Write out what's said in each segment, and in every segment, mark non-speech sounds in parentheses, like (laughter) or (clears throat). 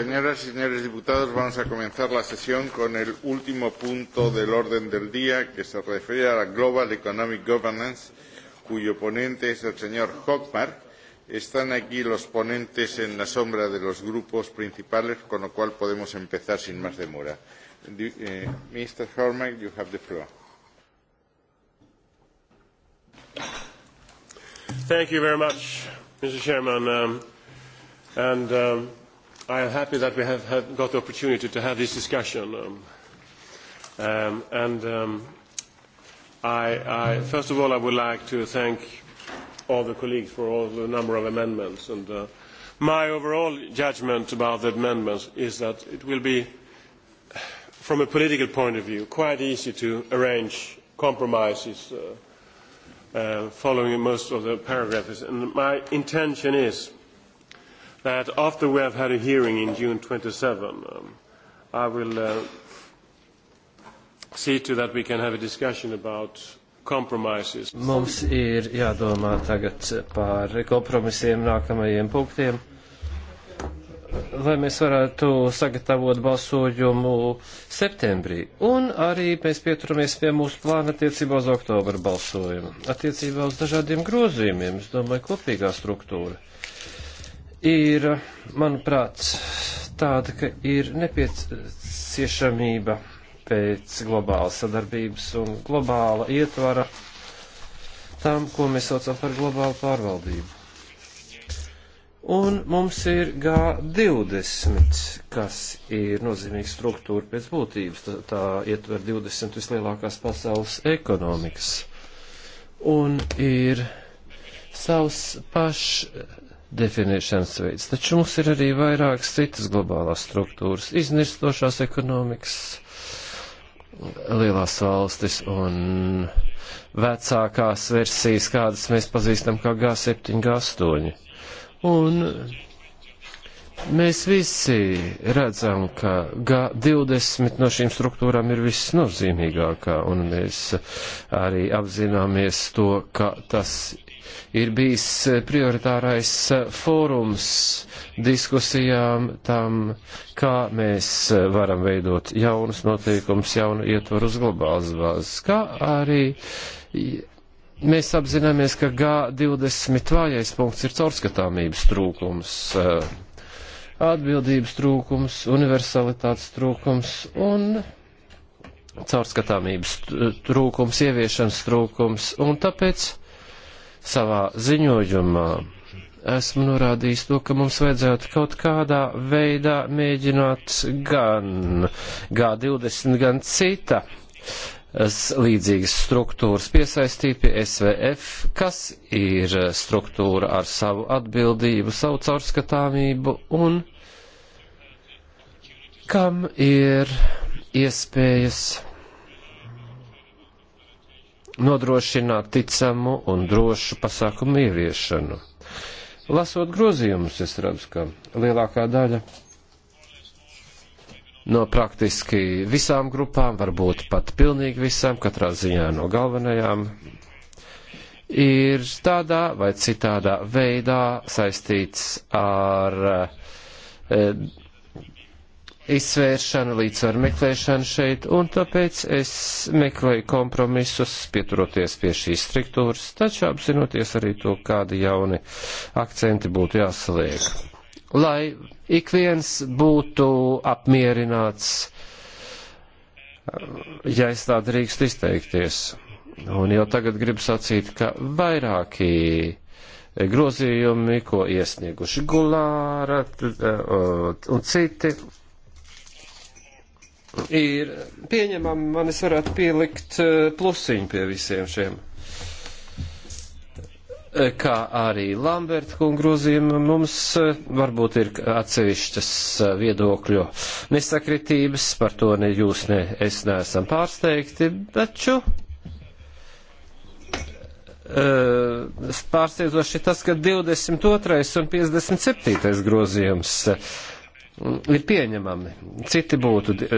Señoras y señores diputados, vamos a comenzar la sesión con el último punto del orden del día que se refiere a la Global Economic Governance, cuyo ponente es el señor Hockmark. Están aquí los ponentes en la sombra de los grupos principales, con lo cual podemos empezar sin más demora. Do, eh, Mr. Hockmark, you have the floor. Thank you very much, Mr. Chairman. Um, and um, I am happy that we have, have got the opportunity to have this discussion. Um, um, and um, I, I, first of all, I would like to thank all the colleagues for all the number of amendments. And uh, my overall judgment about the amendments is that it will be, from a political point of view, quite easy to arrange compromises uh, uh, following most of the paragraphs. And my intention is that after we have had a hearing in June 27, um, I will uh, see to that we can have a discussion about compromises. Mums ir jādomā tagad par kompromisiem nākamajiem punktiem, lai mēs varētu sagatavot balsojumu septembrī. Un arī mēs pieturamies pie mūsu plāna attiecībā uz oktobra balsojumu. Attiecībā uz dažādiem grozījumiem, es domāju, kopīgā struktūra ir, manuprāt, tāda, ka ir nepieciešamība pēc globālas sadarbības un globāla ietvara tam, ko mēs saucam par globālu pārvaldību. Un mums ir G20, kas ir nozīmīga struktūra pēc būtības. Tā, tā ietver 20 vislielākās pasaules ekonomikas. Un ir savs pašs definēšanas veids. Taču mums ir arī vairākas citas globālās struktūras - iznirstošās ekonomikas, lielās valstis un vecākās versijas, kādas mēs pazīstam kā G7, G8. Un mēs visi redzam, ka G20 no šīm struktūrām ir visnozīmīgākā, un mēs arī apzināmies to, ka tas ir bijis eh, prioritārais eh, fórums diskusijām tam, kā mēs eh, varam veidot jaunus noteikumus, jaunu ietvaru uz globālas bāzes, kā arī mēs apzināmies, ka G20 vājais punkts ir caurskatāmības trūkums, atbildības trūkums, universalitātes trūkums un caurskatāmības trūkums, ieviešanas trūkums, un tāpēc savā ziņojumā esmu norādījis to, ka mums vajadzētu kaut kādā veidā mēģināt gan G20, gan cita līdzīgas struktūras piesaistīt pie SVF, kas ir struktūra ar savu atbildību, savu caurskatāmību un kam ir iespējas nodrošināt ticamu un drošu pasākumu ieviešanu. Lasot grozījumus, es redzu, ka lielākā daļa no praktiski visām grupām, varbūt pat pilnīgi visām, katrā ziņā no galvenajām, ir tādā vai citādā veidā saistīts ar e, izsvēršana, līdzsvaru meklēšana šeit, un tāpēc es meklēju kompromisus, pieturoties pie šīs struktūras, taču apzinoties arī to, kādi jauni akcenti būtu jāsaliek. Lai ik viens būtu apmierināts, ja es tā drīkst izteikties. Un jau tagad gribu sacīt, ka vairāki grozījumi, ko iesnieguši Gulāra un citi, ir pieņemami, man es varētu pielikt eh, plusiņu pie visiem šiem. Eh, kā arī Lamberta kunga grozījuma mums eh, varbūt ir atsevišķas viedokļu nesakritības, par to ne jūs, ne es neesam pārsteigti, taču pārsteidzoši tas, ka 22. un 57. grozījums ir pieņemami. Citi būtu uh,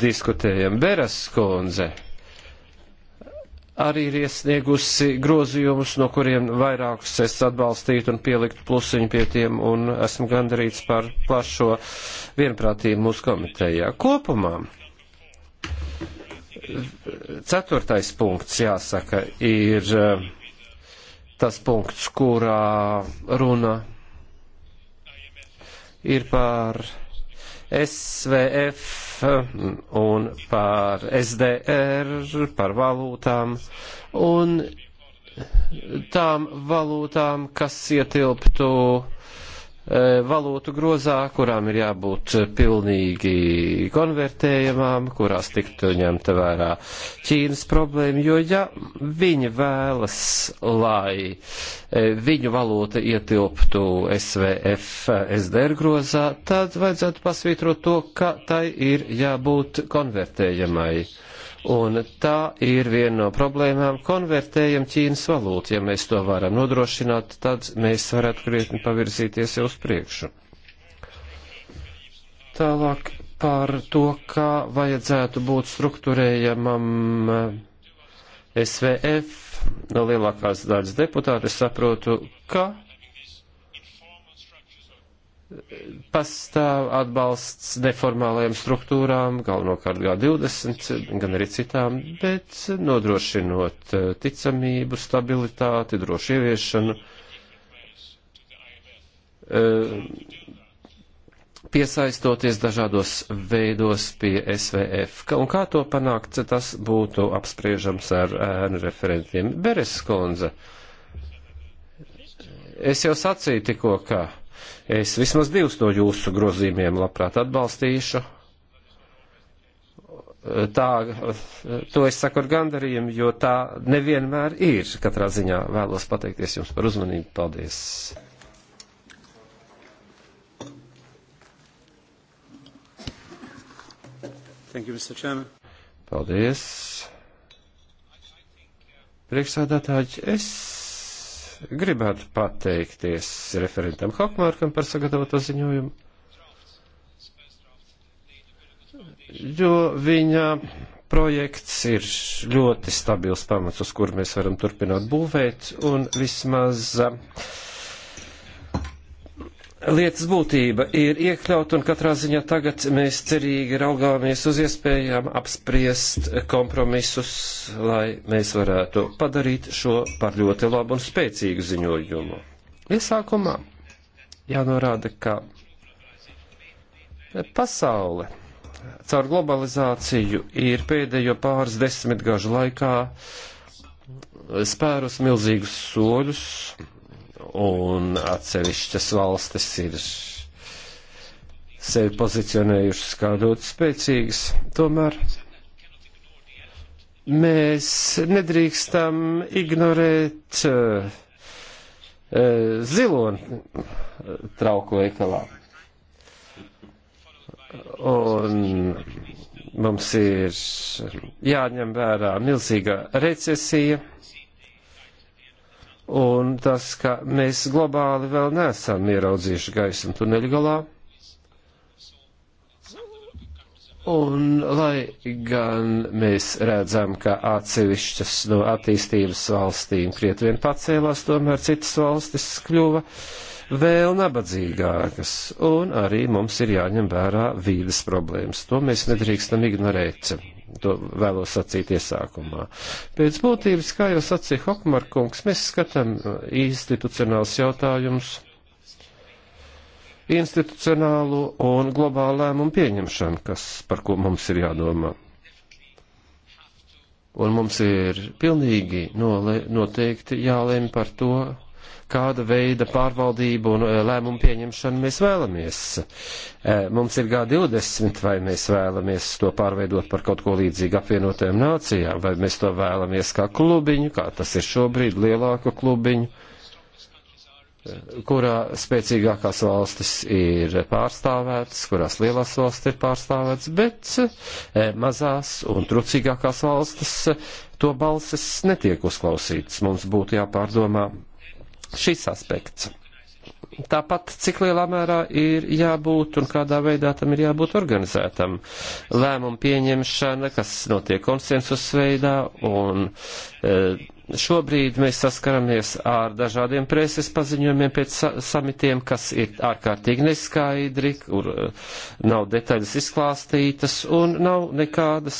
diskutējami. Beras skundze arī ir iesniegusi grozījumus, no kuriem vairākus es atbalstītu un pieliktu plusiņu pie tiem, un esmu gandarīts par plašo vienprātību mūsu komitejā. Kopumā ceturtais punkts, jāsaka, ir e, tas punkts, kurā runa ir par SVF un par SDR, par valūtām un tām valūtām, kas ietilptu E, valūtu grozā, kurām ir jābūt e, pilnīgi konvertējamām, kurās tiktu ņemta vērā Ķīnas problēma, jo ja viņi vēlas, lai e, viņu valūta ietilptu SVF SDR grozā, tad vajadzētu pasvītrot to, ka tai ir jābūt konvertējamai. Un tā ir viena no problēmām. Konvertējam Ķīnas valūtu. Ja mēs to varam nodrošināt, tad mēs varētu krietni pavirzīties jau uz priekšu. Tālāk par to, kā vajadzētu būt struktūrējamam eh, SVF. No lielākās daļas deputāti saprotu, ka pastāv atbalsts neformālajām struktūrām, galvenokārt G20, gan arī citām, bet nodrošinot eh, ticamību, stabilitāti, drošu ieviešanu, eh, piesaistoties dažādos veidos pie SVF. Un kā to panākt, tas būtu apspriežams ar ēnu referentiem. Beres Konze, es jau sacīju tikko, ka Es vismaz divus no jūsu grozījumiem labprāt atbalstīšu. Tā, to es saku ar gandarījumu, jo tā nevienmēr ir. Katrā ziņā vēlos pateikties jums par uzmanību. Paldies! Thank you, Mr. Chairman. Paldies. Priekšsādātāji, es gribētu pateikties referentam Hokmārkam par sagatavoto ziņojumu, jo viņa projekts ir ļoti stabils pamats, uz kur mēs varam turpināt būvēt, un vismaz uh, lietas būtība ir iekļaut, un katrā ziņā tagad mēs cerīgi raugāmies uz iespējām apspriest kompromisus, lai mēs varētu padarīt šo par ļoti labu un spēcīgu ziņojumu. Iesākumā jānorāda, ka pasaule caur globalizāciju ir pēdējo pāris desmitgažu laikā spērus milzīgus soļus un atsevišķas valstis ir sevi pozicionējušas kā ļoti spēcīgas, tomēr mēs nedrīkstam ignorēt uh, eh, eh, ziloni trauku veikalā. Un mums ir jāņem vērā milzīga recesija, un tas, ka mēs globāli vēl neesam ieraudzījuši gaismu tuneļu galā. Un lai gan mēs redzam, ka atsevišķas no attīstības valstīm krietvien pacēlās, tomēr citas valstis kļuva vēl nabadzīgākas. Un arī mums ir jāņem vērā vīdes problēmas. To mēs nedrīkstam ignorēt to vēlos sacīt iesākumā. Pēc būtības, kā jau sacīja Hokmarkungs, mēs skatām institucionāls jautājums, institucionālu un globālu lēmumu pieņemšanu, kas, par ko mums ir jādomā. Un mums ir pilnīgi nole, noteikti jālēm par to, kāda veida pārvaldību un eh, lēmumu pieņemšanu mēs vēlamies. Eh, mums ir G20, vai mēs vēlamies to pārveidot par kaut ko līdzīgu apvienotajām nācijām, vai mēs to vēlamies kā klubiņu, kā tas ir šobrīd lielāku klubiņu eh, kurā spēcīgākās valstis ir pārstāvētas, kurās lielās valstis ir pārstāvētas, bet mazās un trucīgākās valstis to balses netiek uzklausītas. Mums būtu jāpārdomā šis aspekts. Tāpat, cik lielā mērā ir jābūt un kādā veidā tam ir jābūt organizētam. Lēmumu pieņemšana, kas notiek konsensus veidā un e, Šobrīd mēs saskaramies ar dažādiem preses paziņojumiem pēc samitiem, kas ir ārkārtīgi neskaidri, kur eh, nav detaļas izklāstītas un nav nekādas,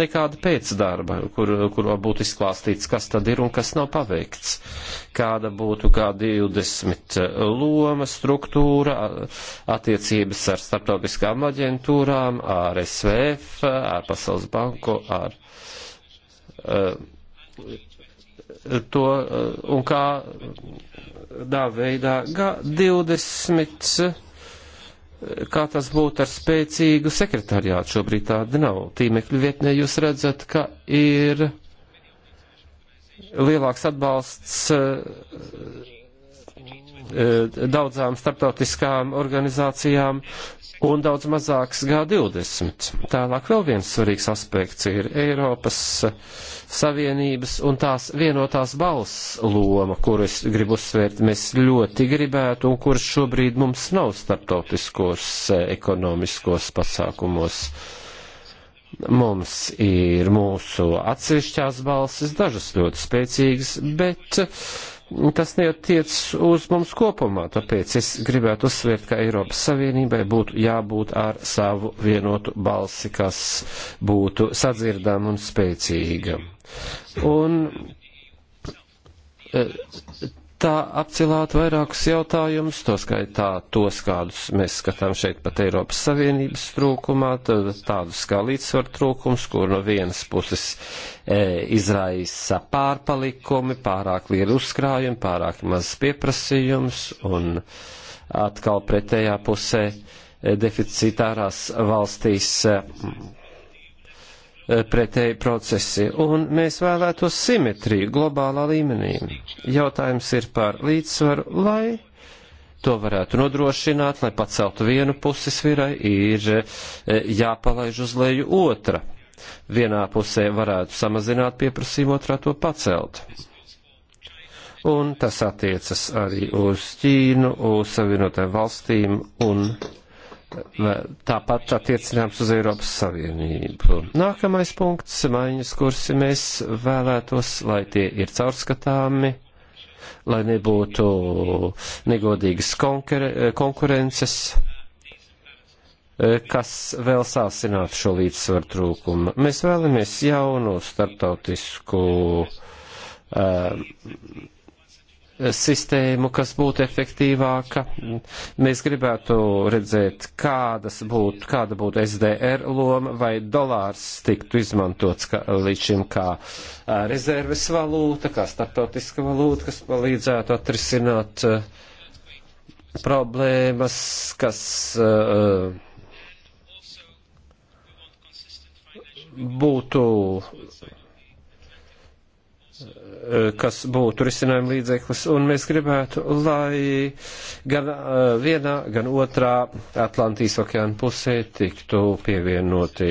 nekāda pēcdarba, kur, kur būtu izklāstīts, kas tad ir un kas nav paveikts. Kāda būtu kā 20 eh, loma, struktūra, attiecības ar starptautiskām aģentūrām, ar SVF, ar Pasaules banku, ar. Uh, to eh, un kādā eh, veidā G20, eh, kā tas būtu ar spēcīgu sekretariātu, šobrīd tāda nav. Tīmekļu vietnē jūs redzat, ka ir lielāks atbalsts E, daudzām starptautiskām organizācijām un daudz mazāks G20. Tālāk vēl viens svarīgs aspekts ir Eiropas Savienības un tās vienotās balss loma, kuru es gribu uzsvērt, mēs ļoti gribētu un kurš šobrīd mums nav starptautiskos e, ekonomiskos pasākumos. Mums ir mūsu atsevišķās balsis, dažas ļoti spēcīgas, bet uh, tas neatiec uz mums kopumā, tāpēc es gribētu uzsvērt, ka Eiropas Savienībai būtu jābūt ar savu vienotu balsi, kas būtu sadzirdama un spēcīga. Un eh, tā apcilāt vairākus jautājumus, to skaitā tos, kādus mēs skatām šeit pat Eiropas Savienības trūkumā, tādus kā līdzsvar trūkums, kur no vienas puses e, izraisa pārpalikumi, pārāk lieli uzkrājumi, pārāk maz pieprasījums un atkal pretējā pusē e, deficitārās valstīs. E, Eh, pretēji procesi, un mēs vēlētos simetriju globālā līmenī. Jautājums ir par līdzsvaru, lai to varētu nodrošināt, lai paceltu vienu pusi svirai, ir eh, jāpalaiž uz leju otra. Vienā pusē varētu samazināt pieprasījumu, otrā to pacelt. Un tas attiecas arī uz Ķīnu, uz Savienotajām valstīm un tāpat attiecināms uz Eiropas Savienību. Nākamais punkts - maiņas kursi mēs vēlētos, lai tie ir caurskatāmi, lai nebūtu negodīgas konkurences, kas vēl sāsinātu šo līdzsvaru trūkumu. Mēs vēlamies jaunu starptautisku uh, sistēmu, kas būtu efektīvāka. Mēs gribētu redzēt, kādas būtu, kāda būtu SDR loma, vai dolārs tiktu izmantots kā, līdz šim kā rezerves valūta, kā startautiska valūta, kas palīdzētu atrisināt problēmas, kas būtu Eh, kas būtu risinājuma līdzeklis, un mēs gribētu, lai gan eh, vienā, gan otrā Atlantijas okeāna pusē tiktu pievienoti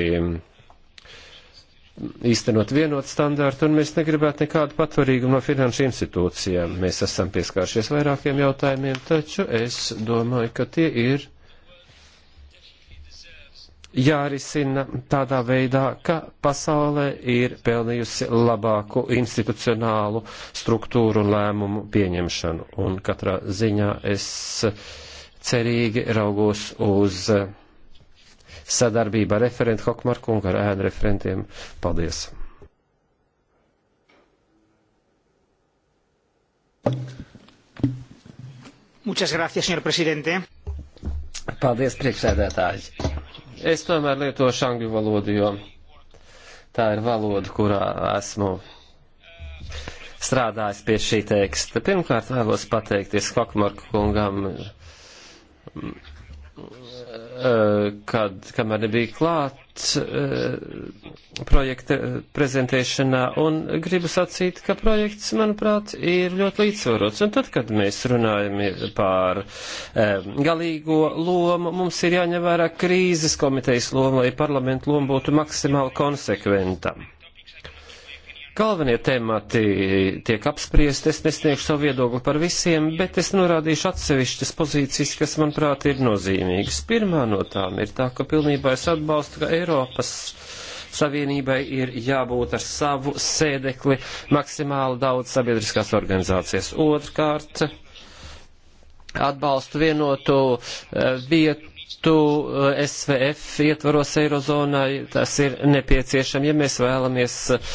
īstenot vienotu standārtu, un mēs negribētu nekādu patvarīgumu no finanšu institūcijām. Mēs esam pieskāršies vairākiem jautājumiem, taču es domāju, ka tie ir jārisina tādā veidā, ka pasaulē ir pelnījusi labāku institucionālu struktūru un lēmumu pieņemšanu. Un katrā ziņā es cerīgi raugos uz sadarbību ar referentu Hokmarku un ar ēnu referentiem. Paldies! Muchas gracias, señor presidente. Paldies, priekšsēdētāji. Es tomēr lietošu angļu valodu, jo tā ir valoda, kurā esmu strādājis pie šī teksta. Pirmkārt vēlos pateikties Hokmarku kungam, kad, kamēr nebija klāt, Eh, projekta eh, prezentēšanā, un gribu sacīt, ka projekts, manuprāt, ir ļoti līdzsvarots. Un tad, kad mēs runājam par eh, galīgo lomu, mums ir jāņem vērā krīzes komitejas loma, lai parlamentu loma būtu maksimāli konsekventam. Galvenie temati tiek apspriesti, es nesniegšu savu viedokli par visiem, bet es norādīšu atsevišķas pozīcijas, kas, manuprāt, ir nozīmīgas. Pirmā no tām ir tā, ka pilnībā es atbalstu, ka Eiropas Savienībai ir jābūt ar savu sēdekli maksimāli daudz sabiedriskās organizācijas. Otrkārt, atbalstu vienotu eh, vietu SVF eh, ietvaros Eirozonai, tas ir nepieciešami, ja mēs vēlamies, eh,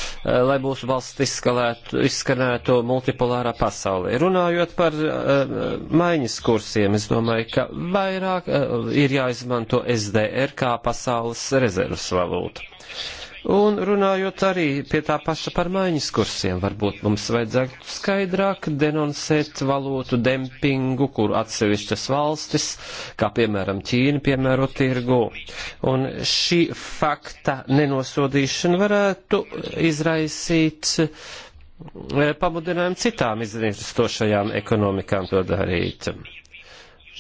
lai mūsu valsts izskalētu, izskanētu multipolārā pasaulē. Runājot par eh, maiņas kursiem, es domāju, ka vairāk ir jāizmanto SDR kā pasaules rezervas valūta. Un runājot arī pie tā paša par maiņas kursiem, varbūt mums vajadzētu skaidrāk denonsēt valūtu dempingu, kur atsevišķas valstis, kā piemēram Ķīna, piemēro tirgu. Un šī fakta nenosodīšana varētu izraisīt eh, pamudinājumu citām iznīstošajām ekonomikām to darīt.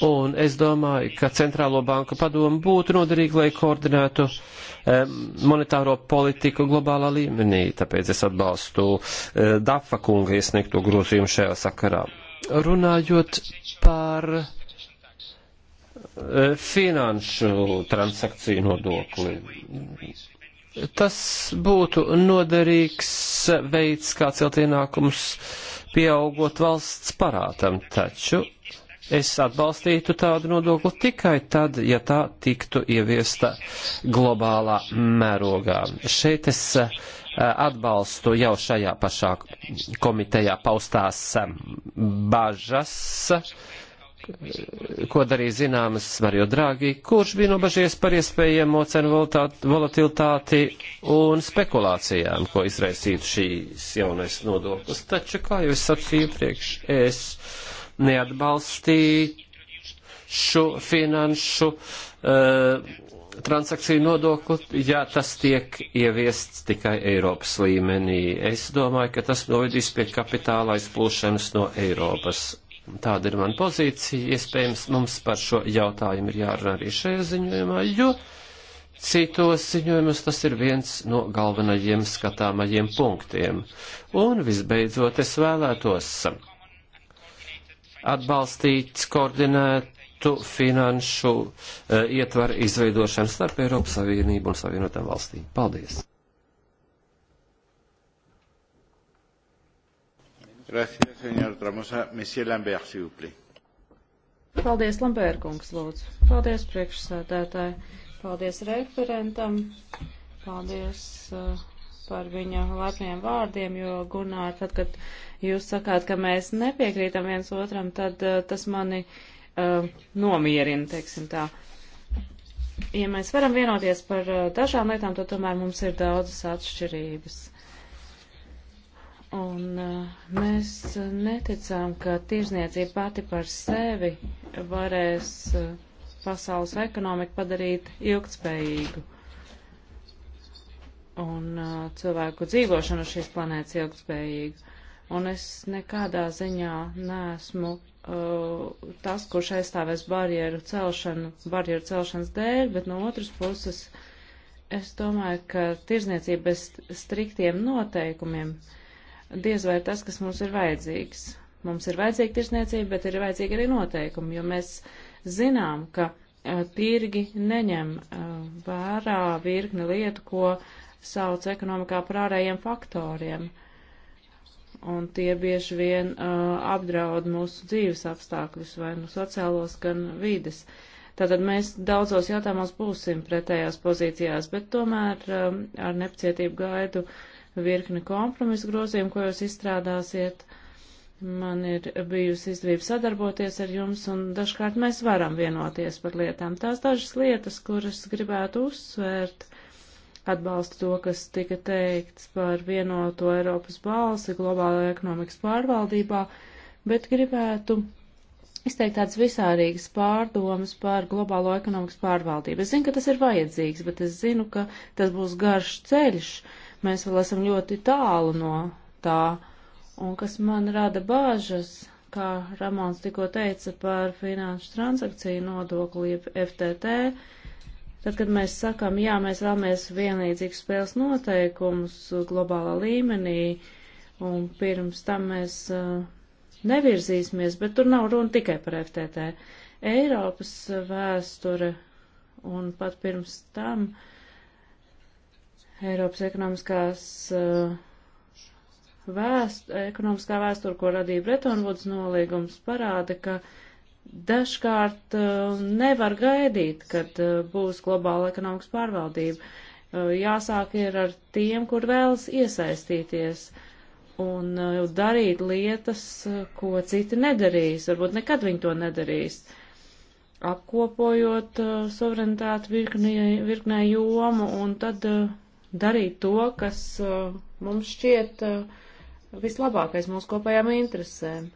Un es domāju, ka Centrālo banku padomu būtu noderīgi, lai koordinētu um, monetāro politiku globālā līmenī. Tāpēc es atbalstu uh, Dafa kunga iesniegto grozījumu šajā sakarā. Runājot par uh, finanšu transakciju nodokli. Tas būtu noderīgs veids, kā celt ienākumus pieaugot valsts parātam, taču Es atbalstītu tādu nodokli tikai tad, ja tā tiktu ieviesta globālā mērogā. Šeit es eh, atbalstu jau šajā pašā komitejā paustās eh, bažas, ko darīja zināmas Mario Draghi, kurš bija nobažies par iespējamo cenu volatilitāti un spekulācijām, ko izraisītu šīs jaunais nodoklis. Taču, kā jau es sacīju iepriekš, es neatbalstīšu finanšu uh, transakciju nodokli, ja tas tiek ieviests tikai Eiropas līmenī. Es domāju, ka tas novedīs pie kapitāla aizplūšanas no Eiropas. Tāda ir mana pozīcija. Iespējams, mums par šo jautājumu ir jārunā arī šajā ziņojumā, jo citos ziņojumus tas ir viens no galvenajiem skatāmajiem punktiem. Un visbeidzot, es vēlētos atbalstīt koordinētu finanšu eh, ietvaru izveidošanu starp Eiropas Savienību un Savienotām valstīm. Paldies! Gracias, señor Tramosa. Monsieur Lambert, s'il vous plaît. Paldies, Lambērkungs, lūdzu. Paldies, priekšsēdētāji. Paldies referentam. Paldies uh, par viņa lepniem vārdiem, jo Gunār, tad, kad jūs sakāt, ka mēs nepiekrītam viens otram, tad uh, tas mani uh, nomierina, teiksim tā. Ja mēs varam vienoties par uh, dažām lietām, tad tomēr mums ir daudzas atšķirības. Un uh, mēs neticām, ka tirzniecība pati par sevi varēs uh, pasaules ekonomiku padarīt ilgtspējīgu. Uh, un uh, cilvēku dzīvošanu uz šīs planētas ilgspējīgu. Un es nekādā ziņā neesmu uh, tas, kurš aizstāvēs barjeru celšanu, barjeru celšanas dēļ, bet no otras puses es domāju, ka tirzniecība bez striktiem noteikumiem diez vai ir tas, kas mums ir vajadzīgs. Mums ir vajadzīga tirzniecība, bet ir vajadzīga arī noteikumi, jo mēs zinām, ka uh, tirgi neņem uh, vērā virkni lietu, ko uh, sauc ekonomikā par ārējiem faktoriem, un tie bieži vien uh, apdraud mūsu dzīves apstākļus, vai nu sociālos, gan vides. Tātad mēs daudzos jautājumos būsim pretējās pozīcijās, bet tomēr um, ar nepacietību gaidu virkni kompromisu grozījumu, ko jūs izstrādāsiet. Man ir bijusi izdevība sadarboties ar jums, un dažkārt mēs varam vienoties par lietām. Tās dažas lietas, kuras gribētu uzsvērt, uh, atbalstu to, kas tika teikts par vienoto Eiropas balsi globālajā ekonomikas pārvaldībā, bet gribētu izteikt tādas visārīgas pārdomas par globālo ekonomikas pārvaldību. Es zinu, ka tas ir vajadzīgs, bet es zinu, ka tas būs garš ceļš. Mēs vēl esam ļoti tālu no tā. Un kas man rada bāžas, kā Ramons tikko teica par finanšu transakciju nodokli, jeb FTT, uh, Tad, kad mēs sakam, jā, mēs vēlamies vienlīdzīgus spēles noteikumus globālā līmenī, un pirms tam mēs uh, nevirzīsimies, bet tur nav runa tikai par FTT. Eiropas vēsture un pat pirms tam Eiropas ekonomiskās uh, vēst, ekonomiskā vēsture, ko radīja Bretonvuds nolīgums, parāda, ka uh, dažkārt uh, nevar gaidīt, kad uh, būs globāla ekonomikas pārvaldība. Uh, jāsāk ir ar tiem, kur vēlas iesaistīties un darīt lietas, ko citi nedarīs, varbūt nekad viņi to nedarīs. Apkopojot suverenitāti virknē, virknē jomu un tad darīt to, kas mums šķiet vislabākais mūsu kopējām interesēm.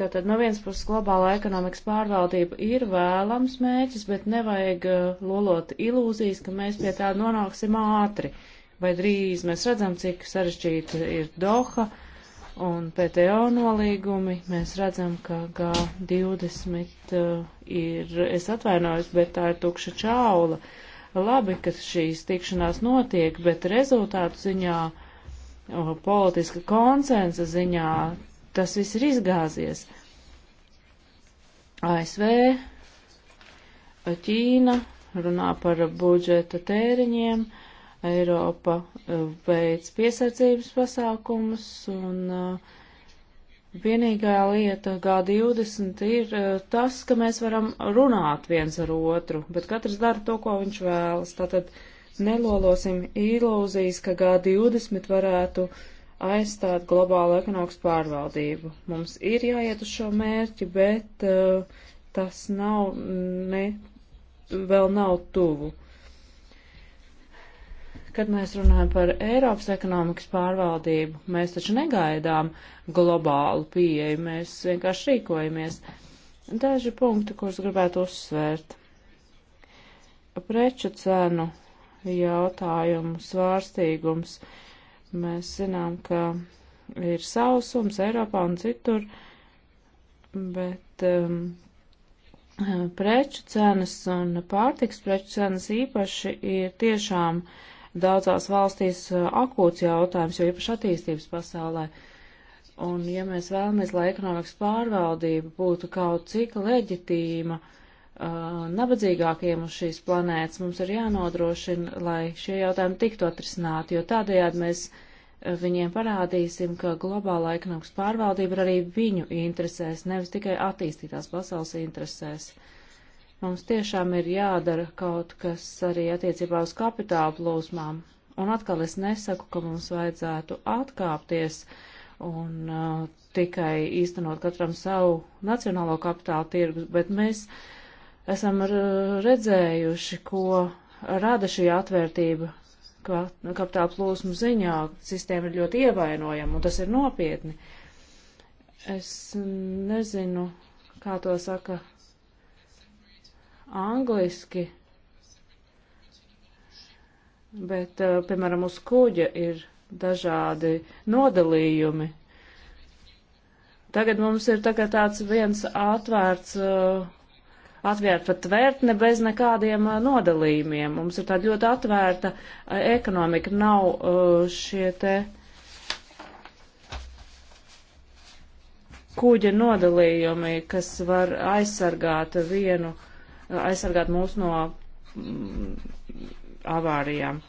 Tātad no vienas puses globālā ekonomikas pārvaldība ir vēlams mērķis, bet nevajag uh, lolot ilūzijas, ka mēs pie tā nonāksim ātri. Vai drīz mēs redzam, cik sarežģīta ir Doha un PTO nolīgumi. Mēs redzam, ka G20 uh, ir, es atvainojos, bet tā ir tukša čaula. Labi, ka šīs tikšanās notiek, bet rezultātu ziņā, uh, politiska konsensa ziņā tas viss ir izgāzies. ASV, Ķīna runā par budžeta tēriņiem, Eiropa e, veic piesardzības pasākumus un uh, Vienīgā lieta G20 ir e, tas, ka mēs varam runāt viens ar otru, bet katrs dara to, ko viņš vēlas. Tātad nelolosim ilūzijas, ka G20 varētu aizstāt globālu ekonomikas pārvaldību. Mums ir jāiet uz šo mērķi, bet uh, tas nav, ne, vēl nav tuvu. Kad mēs runājam par Eiropas ekonomikas pārvaldību, mēs taču negaidām globālu pieeju, mēs vienkārši rīkojamies. Daži punkti, kurus gribētu uzsvērt. Preču cenu jautājumu svārstīgums. Uh, Mēs zinām, ka ir sausums Eiropā un citur, bet um, preču cenas un pārtiks preču cenas īpaši ir tiešām daudzās valstīs uh, akūts jautājums, jo īpaši attīstības pasaulē. Un ja mēs vēlamies, lai ekonomikas pārvaldība būtu kaut cik leģitīma, uh, Uh, nabadzīgākajiem uz šīs planētas, mums ir jānodrošina, lai šie jautājumi tiktu atrisināti, jo tādējādi mēs uh, viņiem parādīsim, ka globāla ekonomikas pārvaldība ir arī viņu interesēs, nevis tikai attīstītās pasaules interesēs. Mums tiešām ir jādara kaut kas arī attiecībā uz kapitāla plūsmām. Un atkal es nesaku, ka mums vajadzētu atkāpties un uh, tikai īstenot katram savu nacionālo kapitāla tirgus, bet mēs uh, esam redzējuši, ko rada šī atvērtība kapitāla plūsmu ziņā. Sistēma ir ļoti ievainojama, un tas ir nopietni. Es nezinu, kā to saka angliski, bet, eh, piemēram, uz kuģa ir dažādi nodalījumi. Tagad mums ir tagad tāds viens atvērts uh, atvērt pat vērtne bez nekādiem uh, nodalījumiem. Mums ir tāda ļoti atvērta uh, ekonomika, nav uh, šie te kuģa nodalījumi, kas var aizsargāt vienu, aizsargāt mūs no mm, avārijām.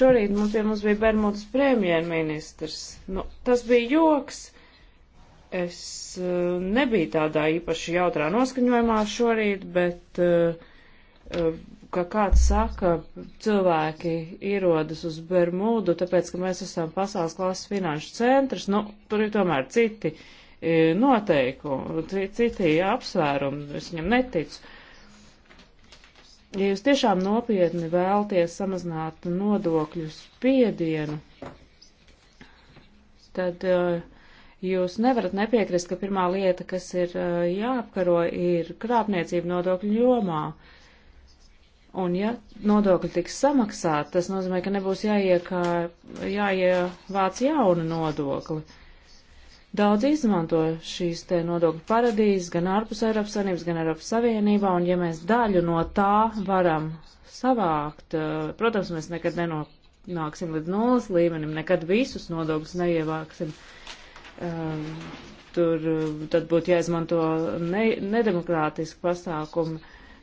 Šorīt mums pie mums bija Bermudas premjerministrs. Nu, tas bija joks Es eh, nebiju tādā īpaši jautrā noskaņojumā šorīt, bet, eh, eh, kā kāds saka, cilvēki ierodas uz Bermudu, tāpēc, ka mēs esam pasaules klases finanšu centrs, nu, tur ir tomēr citi noteikumi, citi apsvērumi, es viņam neticu. Ja jūs tiešām nopietni vēlties samazināt nodokļu spiedienu, tad uh, Jūs nevarat nepiekrist, ka pirmā lieta, kas ir jāapkaro, ir krāpniecība nodokļu jomā. Un ja nodokļi tiks samaksāti, tas nozīmē, ka nebūs jāiekā, jāievāc jauna nodokli. Daudz izmanto šīs te nodokļu paradīzes gan ārpus Eiropas Savienības, gan Eiropas Savienībā, un ja mēs daļu no tā varam savākt, protams, mēs nekad nenonāksim līdz nulles līmenim, nekad visus nodokļus neievāksim Ehm, tur eh, tad būtu jāizmanto ne, nedemokrātiski pasākumi,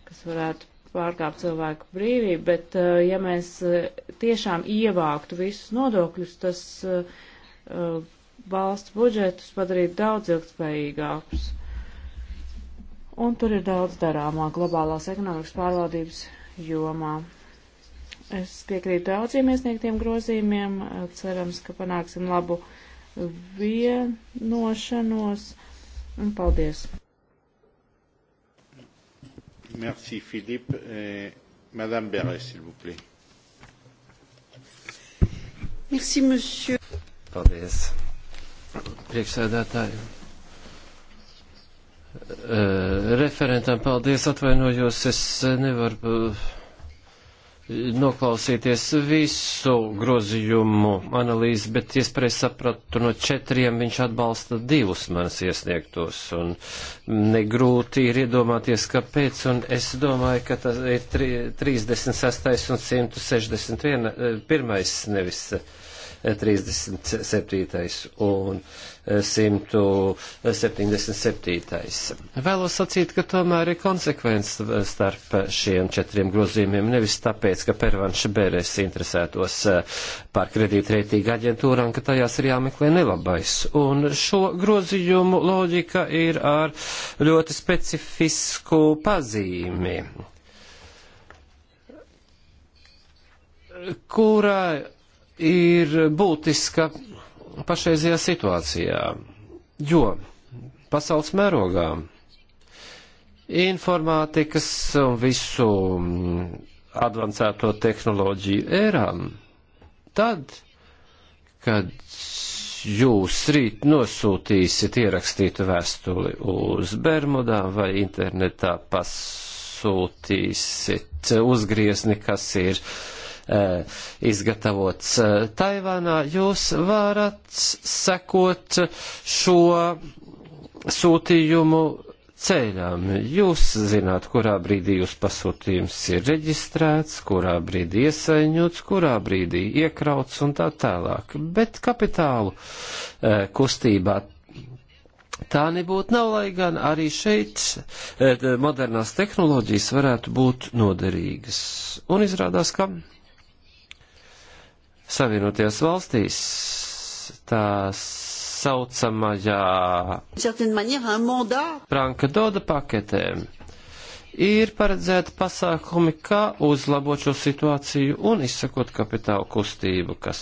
kas varētu pārkāpt cilvēku brīvību, bet eh, ja mēs eh, tiešām ievāktu visus nodokļus, tas valsts budžetus padarītu daudz ilgspējīgākus. Un tur ir daudz darāmā globālās ekonomikas pārvaldības jomā. Es piekrītu daudziem iesniegtiem grozījumiem, cerams, ka panāksim labu uh, vienošanos. Un paldies! Merci, Philippe. Et Madame Beret, s'il vous plaît. Merci, monsieur. Paldies. Priekšsēdētāji. Uh, referentam paldies, atvainojos, es nevaru. Uh, noklausīties visu grozījumu analīzi, bet iespējas sapratu no četriem viņš atbalsta divus manas iesniegtos. Un negrūti ir iedomāties, kāpēc, un es domāju, ka tas ir 36. un 161. Eh, nevis 37. un 177. Vēlos sacīt, ka tomēr ir konsekvence starp šiem četriem grozījumiem, nevis tāpēc, ka Pervanša Bērēs interesētos par kredītreitīgu aģentūrām, ka tajās ir jāmeklē nelabais. Un šo grozījumu loģika ir ar ļoti specifisku pazīmi. Kurā ir būtiska pašreizajā situācijā, jo pasaules mērogā informātikas un visu advancēto tehnoloģiju ērām, tad, kad jūs rīt nosūtīsiet ierakstītu vēstuli uz Bermudām vai internetā pasūtīsiet uzgriezni, kas ir uh, Eh, izgatavots eh, Taivānā, jūs varat sekot šo sūtījumu ceļām. Jūs zināt, kurā brīdī jūs pasūtījums ir reģistrēts, kurā brīdī iesaiņots, kurā brīdī iekrauts un tā tālāk. Bet kapitālu eh, kustībā Tā nebūtu nav, lai gan arī šeit modernās tehnoloģijas varētu būt noderīgas. Un izrādās, ka Savienotajās valstīs tā saucamajā Franka Doda paketēm ir paredzēti pasākumi, kā uzlabot šo situāciju un izsakot kapitālu kustību, kas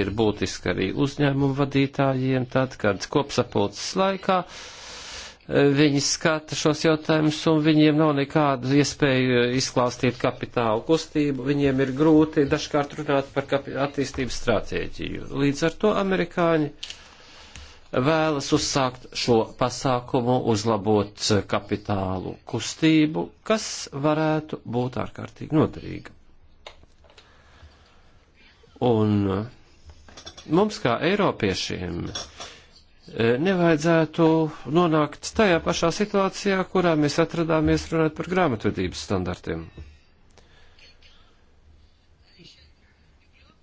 ir būtiski arī uzņēmumu vadītājiem, tad, kad kopsapulces laikā uh, viņi skata šos jautājumus un viņiem nav nekādu iespēju izklāstīt kapitālu kustību, viņiem ir grūti dažkārt runāt par attīstības stratēģiju. Līdz ar to amerikāņi vēlas uzsākt šo pasākumu, uzlabot kapitālu kustību, kas varētu būt ārkārtīgi noderīga. Un mums kā Eiropiešiem Eh, nevajadzētu nonākt tajā pašā situācijā, kurā mēs atradāmies runāt par grāmatvedības standartiem.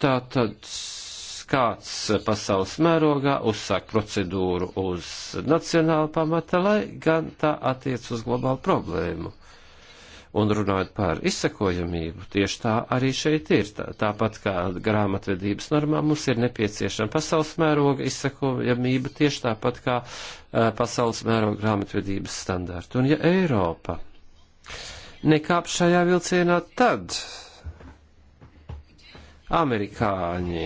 Tātad kāds pasaules mērogā uzsāk procedūru uz nacionālu pamata, lai gan tā attiec uz globālu problēmu. Un runājot par izsekojamību, tieši tā arī šeit ir. Tā, tāpat kā grāmatvedības normā mums ir nepieciešama pasaules mēroga izsekojamība, tieši tāpat kā uh, pasaules mēroga grāmatvedības standarta. Un ja Eiropa nekāp šajā vilcienā, tad amerikāņi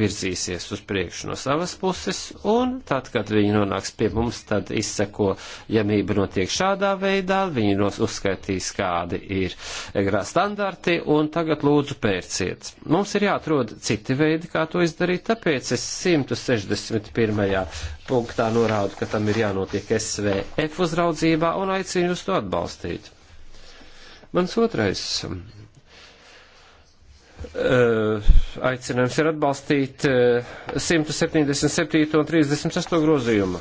virzīsies uz priekšu no savas puses, un tad, kad viņi nonāks pie mums, tad izsekojamība notiek šādā veidā, viņi nos uzskaitīs, kādi ir grā standarti, un tagad lūdzu pērciet. Mums ir jāatrod citi veidi, kā to izdarīt, tāpēc es 161. punktā norādu, ka tam ir jānotiek SVF uzraudzībā, un aicinu jūs to atbalstīt. Mans otrais Eh, aicinājums ir atbalstīt 177. Eh, un 38. grozījumu,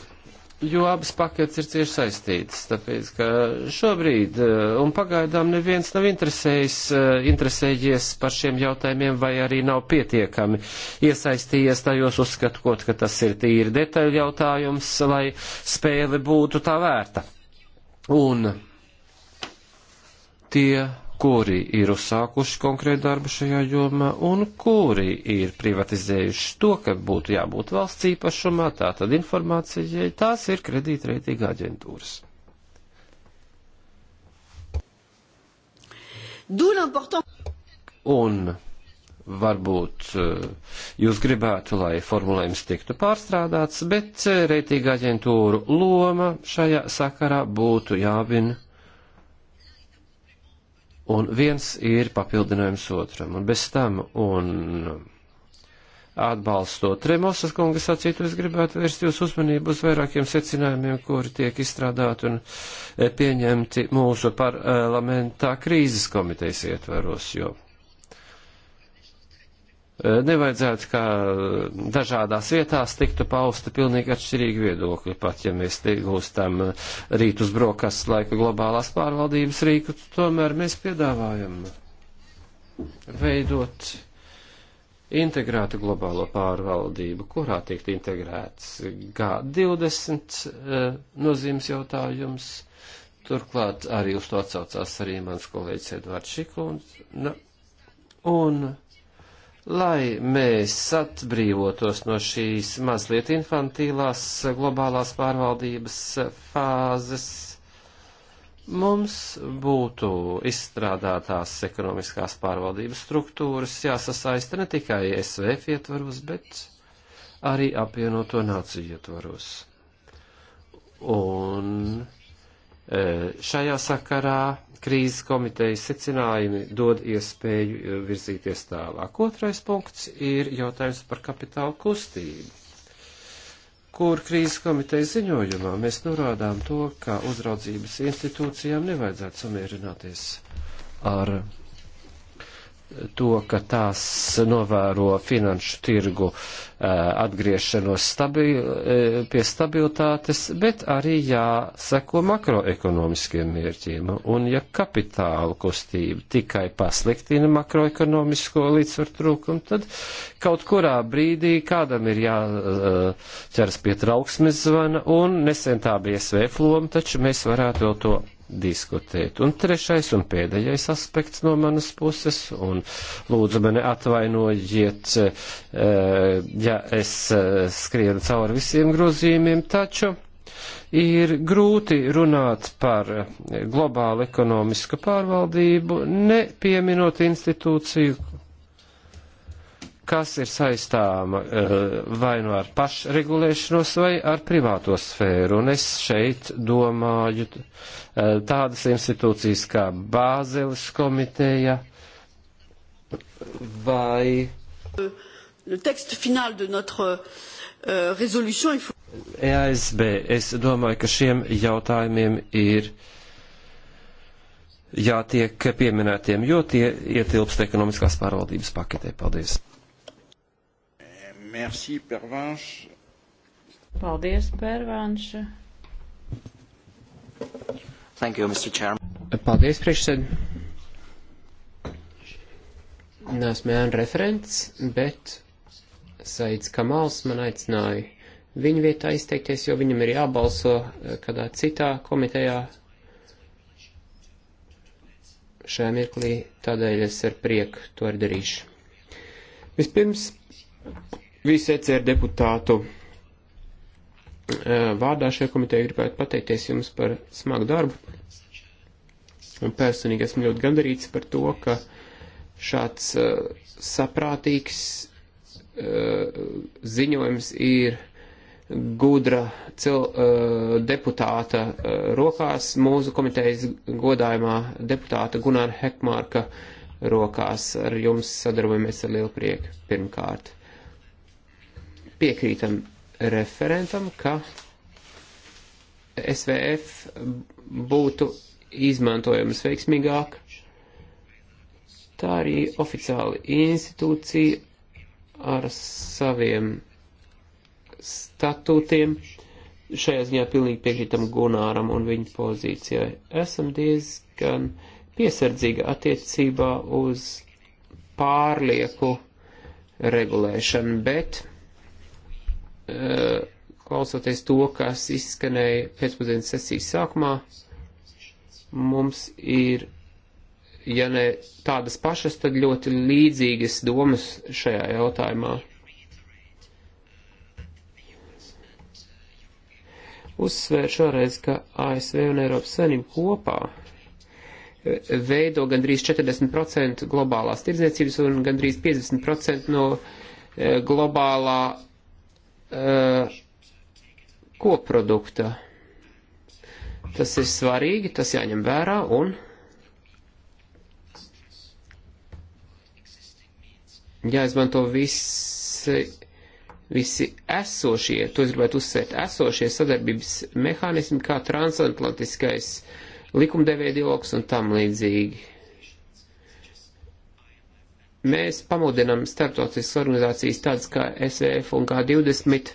jo abas paketes ir cieši saistītas, tāpēc, ka šobrīd eh, un pagaidām neviens nav interesējis, interesējies par šiem jautājumiem vai arī nav pietiekami iesaistījies tajos uzskatot, ka tas ir tīri detaļu jautājums, lai spēle būtu tā vērta. Un tie kuri ir uzsākuši konkrētu darbu šajā jomā un kuri ir privatizējuši to, ka būtu jābūt valsts īpašumā, tātad informācijai, tās ir kredītreitīga aģentūras. Un varbūt eh, jūs gribētu, lai formulējums tiktu pārstrādāts, bet eh, reitīga aģentūru loma šajā sakarā būtu jāvina un viens ir papildinājums otram, un bez tam, un atbalstot Remosas kunga sacītu, es gribētu vērst jūsu uzmanību uz vairākiem secinājumiem, kuri tiek izstrādāti un e, pieņemti mūsu parlamentā krīzes komitejas ietvaros, jo Eh, nevajadzētu, ka dažādās vietās tiktu pausta pilnīgi atšķirīgi viedokļi, pat ja mēs gūstam rīt uz brokastu laika globālās pārvaldības rīku, tomēr mēs piedāvājam veidot integrētu globālo pārvaldību, kurā tiek integrēts G20 eh, nozīmes jautājums. Turklāt arī uz to atsaucās arī mans kolēģis Edvards Šikons. Un, un lai mēs atbrīvotos no šīs mazliet infantīlās globālās pārvaldības fāzes, mums būtu izstrādātās ekonomiskās pārvaldības struktūras jāsasaista ne tikai SVF ietvaros, bet arī apvienoto nāciju ietvaros. Un E, šajā sakarā krīzes komitejas secinājumi dod iespēju e, virzīties tālāk. Otrais punkts ir jautājums par kapitālu kustību, kur krīzes komitejas ziņojumā mēs norādām to, ka uzraudzības institūcijām nevajadzētu samierināties ar to, ka tās novēro finanšu tirgu eh, atgriešanos stabil, eh, pie stabilitātes, bet arī jāseko makroekonomiskiem mērķiem. Un ja kapitāla kustība tikai pasliktina makroekonomisko līdzsvaru trūkumu, tad kaut kurā brīdī kādam ir jāķers pie trauksmes zvana, un nesen tā bija svēfloma, taču mēs varētu vēl to diskutēt. Un trešais un pēdējais aspekts no manas puses, un lūdzu mani atvainojiet, eh, ja es eh, skrienu cauri visiem grozījumiem, taču ir grūti runāt par globālu ekonomisku pārvaldību, nepieminot institūciju, kas ir saistāma eh, vai nu no ar pašregulēšanos vai ar privāto sfēru. Un es šeit domāju eh, tādas institūcijas kā Bāzeles komiteja vai. Le texte final de notre euh, résolution, il faut. EASB, es domāju, ka šiem jautājumiem ir jātiek pieminētiem, jo tie ietilpst ekonomiskās pārvaldības paketē. Paldies! Merci, Pervanš. Paldies, Pervanš. Thank you, Mr. Chairman. Paldies, priekšsēd. Nesmu ēna referents, bet Saids Kamals man aicināja viņu vietā izteikties, jo viņam ir jābalso eh, kādā citā komitejā šajā mirklī, tādēļ es ar prieku to arī darīšu. Vispirms visu ECR deputātu eh, vārdā šajā komitejā gribētu pateikties jums par smagu darbu. Un personīgi esmu ļoti gandarīts par to, ka šāds uh, saprātīgs uh, ziņojums ir gudra cil, uh, deputāta uh, rokās, mūsu komitejas godājumā deputāta Gunāra Hekmārka rokās. Ar jums sadarbojamies ar lielu prieku pirmkārt piekrītam referentam, ka SVF būtu izmantojams veiksmīgāk. Tā arī oficiāla institūcija ar saviem statūtiem. Šajā ziņā pilnīgi piekrītam Gunāram un viņa pozīcijai. Esam diezgan piesardzīga attiecībā uz pārlieku regulēšanu, bet Eh, klausoties to, kas izskanēja pēcpusdienas sesijas sākumā, mums ir, ja ne tādas pašas, tad ļoti līdzīgas domas šajā jautājumā. Uzsvēr šoreiz, ka ASV un Eiropas Savienība kopā eh, veido gandrīz 40% globālās tirdzniecības un gandrīz 50% no eh, globālā uh, koprodukta. Tas ir svarīgi, tas jāņem vērā un jāizmanto visi, visi esošie, to es gribētu uzsvērt, esošie sadarbības mehānismi kā transatlantiskais likumdevēja dialogs un tam līdzīgi. Mēs pamudinam starptautiskas organizācijas tādas kā SVF un G20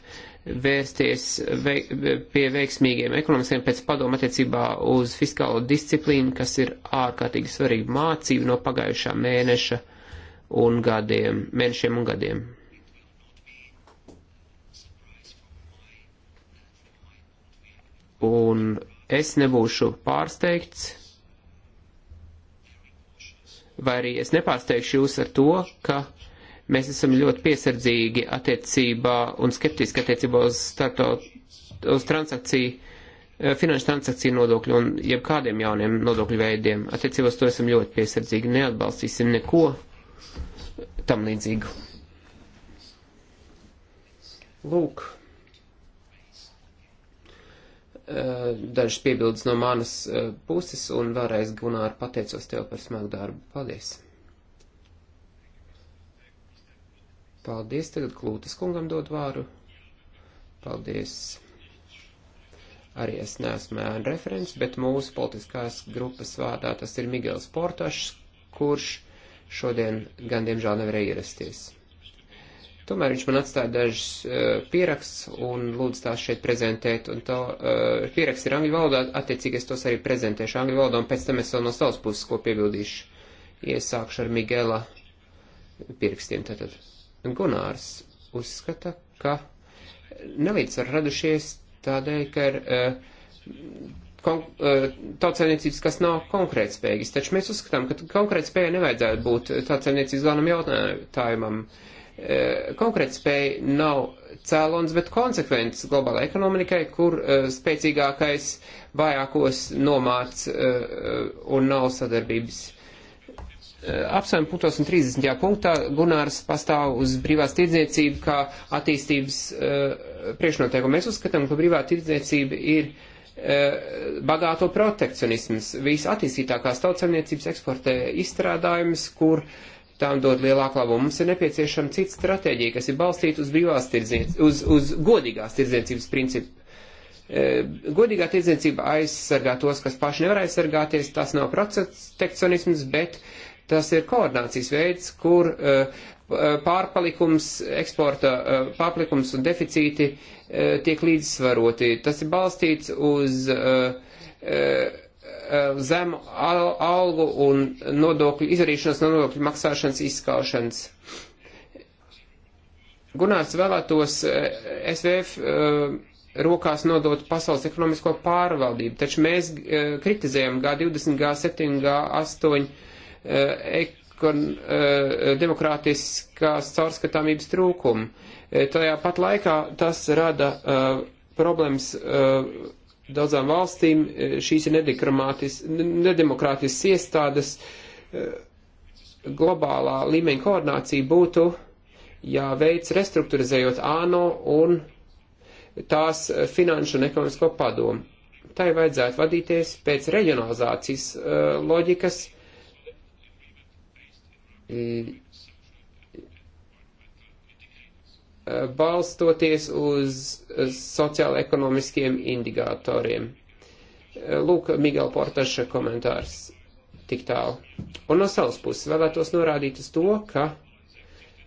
vērsties veik, pie veiksmīgiem ekonomiskiem pēc padomu attiecībā uz fiskālo disciplīnu, kas ir ārkārtīgi svarīga mācība no pagājušā mēneša un gadiem, mēnešiem un gadiem. Un es nebūšu pārsteigts, vai arī es nepārsteigšu jūs ar to, ka mēs esam ļoti piesardzīgi attiecībā un skeptiski attiecībā uz, starto, uz transakciju, eh, finanšu transakciju nodokļu un jebkādiem jauniem nodokļu veidiem. Attiecībā uz to esam ļoti piesardzīgi, neatbalstīsim neko tam līdzīgu. Lūk, Eh, dažas piebildes no manas eh, puses, un vēlreiz, Gunār, pateicos tev par smagu darbu. Paldies! Paldies, tagad Klūtas kungam dod vāru. Paldies! Arī es neesmu ēnu referents, bet mūsu politiskās grupas vārdā tas ir Migels Portašs, kurš šodien gan diemžēl nevarēja ierasties. Tomēr viņš man atstāja dažas uh, pierakstus un lūdzu tās šeit prezentēt. Un to uh, eh, pieraksts ir angļu valodā, attiecīgi es tos arī prezentēšu angļu valodā, un pēc tam es vēl no savas puses ko piebildīšu. Iesākšu ar Migela pirkstiem tātad. Nu, Gunārs uzskata, ka nelīdzsvar radušies tādēļ, ka ir uh, kon, uh, tautsēmniecības, kas nav konkrētspējīgas. Taču mēs uzskatām, ka konkrētspēja nevajadzētu būt tautsēmniecības galvenam jautājumam. Uh, E, Konkrētspēja nav cēlons, bet konsekvents globālai ekonomikai, kur e, spēcīgākais vajākos nomāc e, un nav sadarbības apsvērumu punktos un 30. punktā Gunārs pastāv uz brīvās tirdzniecību kā attīstības uh, priekšnoteikumu. Mēs uzskatām, ka brīvā tirdzniecība ir uh, bagāto protekcionisms. Visattīstītākās tautsamniecības eksportē izstrādājumus, kur uh, tām dod lielāku labumu. Mums ir nepieciešama cita stratēģija, kas ir balstīta uz brīvās tirdzniecības, uz, uz godīgās tirdzniecības principu. E, godīgā tirdzniecība aizsargā tos, kas paši nevar aizsargāties, tas nav protekcionisms, bet tas ir koordinācijas veids, kur e, e, pārpalikums, eksporta pārpalikums un deficīti tiek līdzsvaroti. Tas ir balstīts uz uh, Eh, zemu algu un nodokļu izdarīšanas, no nodokļu maksāšanas izskaušanas. Gunārs vēlētos eh, SVF eh, rokās nodot pasaules ekonomisko pārvaldību, taču mēs kritizējam G20, G7, G8 ekon, demokrātiskās caurskatāmības trūkumu. Tajā pat laikā tas rada problēmas daudzām valstīm e, šīs ir nedemokrātiskas iestādes. E, globālā līmeņa koordinācija būtu jāveic restruktūrizējot ANO un tās finanšu un ekonomisko padomu. Tai vajadzētu vadīties pēc reģionalizācijas e, loģikas balstoties uz sociāla-ekonomiskiem indikatoriem. Lūk, Miguel Portaša komentārs tik tālu. Un no savas puses vēlētos norādīt uz to, ka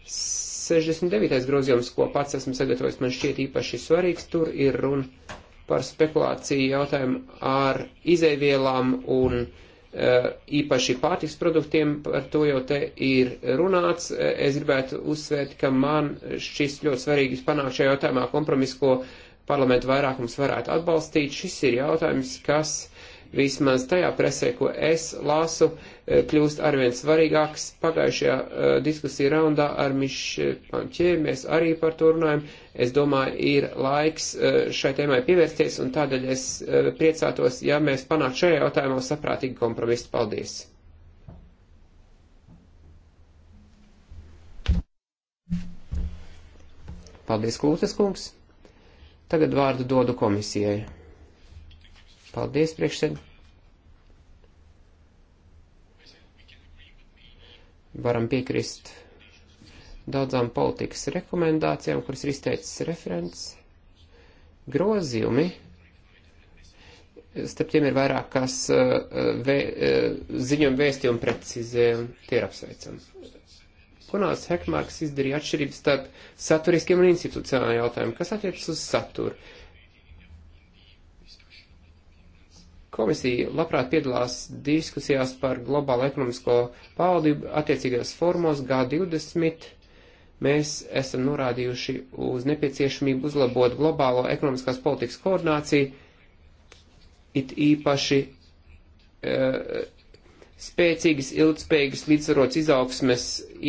69. grozījums, ko pats esmu sagatavojis, man šķiet īpaši svarīgs, tur ir runa par spekulāciju jautājumu ar izēvielām un uh, Eh, īpaši pārtiks produktiem, par to jau te ir runāts. Eh, es gribētu uzsvērt, ka man šis ļoti svarīgs panākt šajā jautājumā kompromis, ko parlamentu vairākums varētu atbalstīt. Šis ir jautājums, kas vismaz tajā presē, ko es lasu, eh, kļūst arvien svarīgāks. Pagājušajā uh, diskusija raundā ar Mišpanķē mēs arī par to runājam. Es domāju, ir laiks uh, šai tēmai pievērsties, un tādēļ es uh, priecātos, ja mēs panāktu šajā jautājumā saprātīgi kompromisu. Paldies! Paldies, Klūtes kungs! Tagad vārdu dodu komisijai. Paldies, priekšsēd. Varam piekrist daudzām politikas rekomendācijām, kuras ir izteicis referents. Grozījumi starp tiem ir vairāk kas eh, vē, eh, ziņojumi vēstījumi precizē un tie ir apsveicami. Konāls Hekmārks izdarīja atšķirības starp saturiskiem un institucionālajiem jautājumiem, kas attiecas uz saturu. Komisija labprāt piedalās diskusijās par globālu ekonomisko pārvaldību attiecīgajos formos G20. Mēs esam norādījuši uz nepieciešamību uzlabot globālo ekonomiskās politikas koordināciju, it īpaši e, spēcīgas, ilgspējīgas, līdzsvarots izaugsmes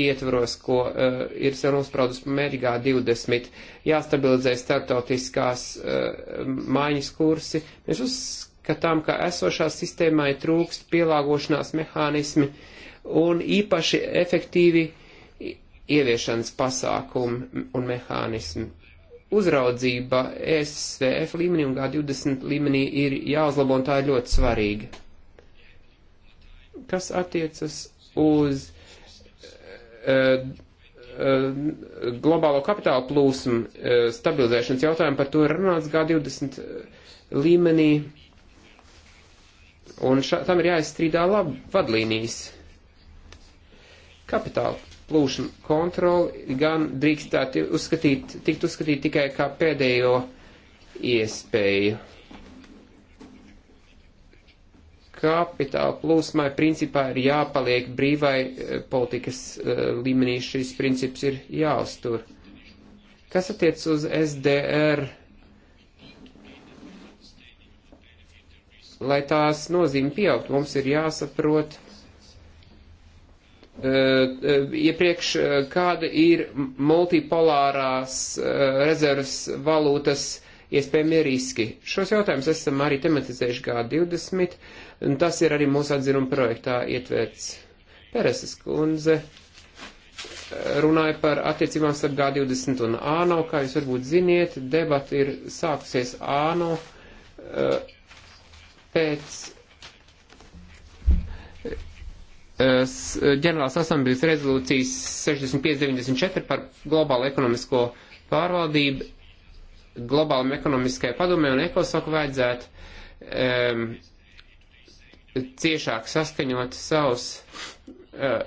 ietvaros, ko uh, ir sen uzspraudus mērīgā 20, jāstabilizē startautiskās uh, e, mājas kursi. Mēs uz, ka tām, kā esošā sistēmai trūkst pielāgošanās mehānismi un īpaši efektīvi ieviešanas pasākumi un mehānismi. Uzraudzība ESVF līmenī un G20 līmenī ir jāuzlabo un tā ir ļoti svarīga. Kas attiecas uz uh, globālo kapitālu plūsmu e, stabilizēšanas jautājumu, par to ir runāts G20 līmenī. Un šā, tam ir jāizstrīdā labi vadlīnijas. Kapitāla plūšana kontroli gan drīkstētu uzskatīt, tikt uzskatīt tikai kā pēdējo iespēju. Kapitāla plūsmai principā ir jāpaliek brīvai eh, politikas uh, līmenī, šis princips ir jāuztur. Kas attiec uz SDR? lai tās nozīme pieaugt, mums ir jāsaprot eh, eh, iepriekš, eh, kāda ir multipolārās rezervas valūtas iespējamie riski. Šos jautājumus esam arī tematizējuši G20, un tas ir arī mūsu atzinuma projektā ietverts. Pereses kundze runāja par attiecībām starp G20 un ANO, kā jūs varbūt ziniet, debata ir sākusies ANO. Uh, pēc ģenerālās asambļas rezolūcijas 6594 par globālu ekonomisko pārvaldību globālam ekonomiskajai padomē un ekosoku vajadzētu um, ciešāk saskaņot savus uh,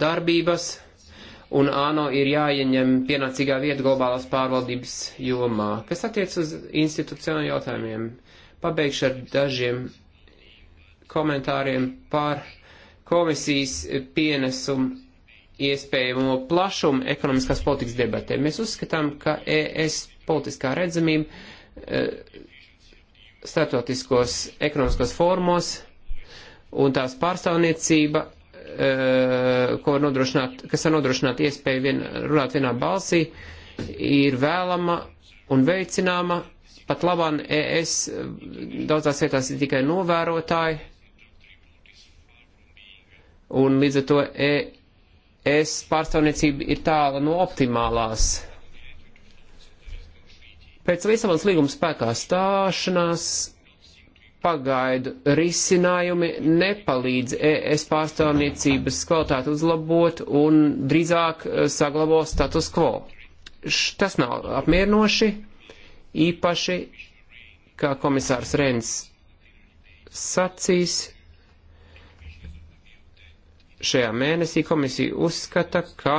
darbības, un ANO ir jāieņem pienācīgā vieta globālās pārvaldības jomā, kas attiec uz institucionālajiem jautājumiem. Uh, Pabeigšu ar dažiem komentāriem par komisijas pienesumu iespējamo plašumu ekonomiskās politikas debatē. Mēs uzskatām, ka ES politiskā redzamība eh, startotiskos ekonomiskos formos un tās pārstāvniecība, eh, ko var nodrošināt, kas var nodrošināt iespēju vien, runāt vienā balsī, ir vēlama un veicināma Pat labāk ES daudzās vietās ir tikai novērotāji, un līdz ar to e, ES pārstāvniecība ir tāla no optimālās. Pēc Lisabonas līguma spēkā stāšanās pagaidu risinājumi nepalīdz ES pārstāvniecības kvalitāti uzlabot un drīzāk e, saglabos status quo. Tas nav apmierinoši īpaši, kā komisārs Rēns sacīs, šajā mēnesī komisija uzskata, ka